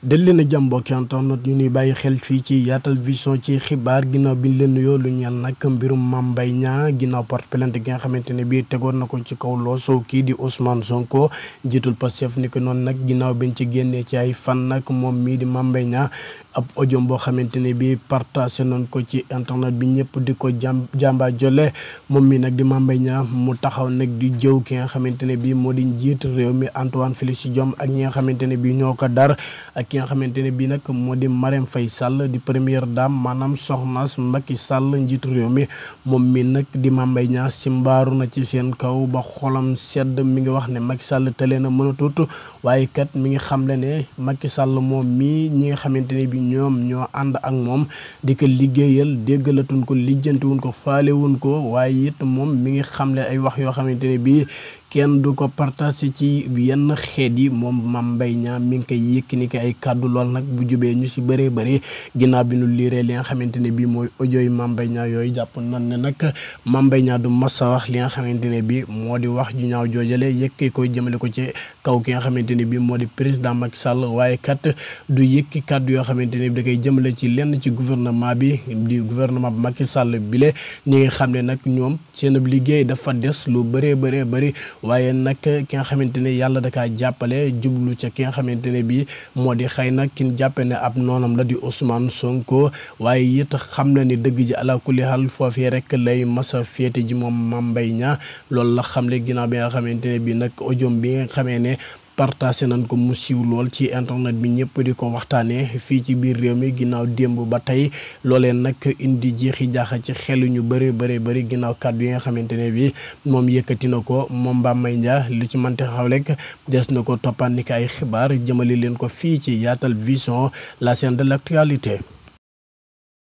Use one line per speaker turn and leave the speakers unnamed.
dal leen a jàmm mbokki internet ñu ñuy bàyyi xel fii ci yaatal vision ci xibaar ginnaaw bi ñu leen nuyoo lu ñeel nag mbirum Mame Mbaye Niang ginnaaw porte plainte gi nga xamante ne bii tegoon na ko ci kaw looso kii di Ousmane Sonko jiitul Pastef ni ko noonu nag ginnaaw biñ ci génnee ci ay fan nag moom mii di Mame Mbaye ab audio boo xamante ne bii partagé nañ ko ci internet bi ñëpp di ko jàmb jàmba jole moom mi nag di Mame Mbaye Niang mu taxaw nag di jëw ki nga xamante ne bii moo di njiit réew mi Antoine Félix Diome ak ñi nga xamante ne bii ñoo ko dar ak ki nga xamante ne bii nag moo di Marème Faye Sall di première daam maanaam soxnaas Macky sàll njiit réew mi moom mi nag di Mame Mbaye Niang si mbaaru na ci seen kaw ba xolam sedd mi ngi wax ne Macky sàll tële na mën a tuut waaye kat mi ngi xamle ne Macky Sall moom mii ñi nga xamante ñoom ñoo ànd ak moom di ko liggéeyal déggalatuñ ko lijjantiwuñ ko faalewuñ ko waaye it moom mi ngi xamle ay wax yoo xamante ne bii kenn du ko partagé ci yenn xeet yi moom Mame Mbaye Niang mi ngi koy yëkkani ko ay kàddu lool nag bu jubee ñu si bëree bëri ginnaaw bi ñu liiree li nga xamante ne bii mooy audio yi Mame yooyu jàpp nan ne nag Mame du mas a wax li nga xamante ne bii moo di wax ju ñaaw joojale yëkkee ko jëmale ko ci kaw ki nga xamante ne bii moo di président Macky Sall waaye kat du yëkki kàddu yoo xamante ne da koy jëmale ci lenn ci gouvernement bi di gouvernement bi Macky Sall bile ñi nga xam ne nag ñoom seen liggéey dafa des lu bëree bëree bëri waaye nag ki nga xamante ne yàlla da kaa jàppale jublu ca ki nga xamante ne bii moo di xëy nag kin jàppe ne ab noonam la di Ousmane Sonko waaye it xam na ni dëgg ji ala kulli xaal foofee rek lay masa féete ji moom ma mbay Niang loolu la ne ginnaaw bi nga xamante ne bii nag ojom bi nga xamee ne partagé nañ ko mu siiw lool ci internet bi ñëpp di ko waxtaanee fii ci biir réew mi ginnaaw démb ba tey loolee nag indi jeexi jaaxa ci xelu ñu bëri bëri bëri ginnaaw kàddu yi nga xamante ne bi moom yëkkati na ko moom Mame Mbaye Niang lu ci mënti xaw rek des na ko toppandi ko ay xibaar jëmale leen ko fii ci Yaatal Vision la chaîne de l'actualité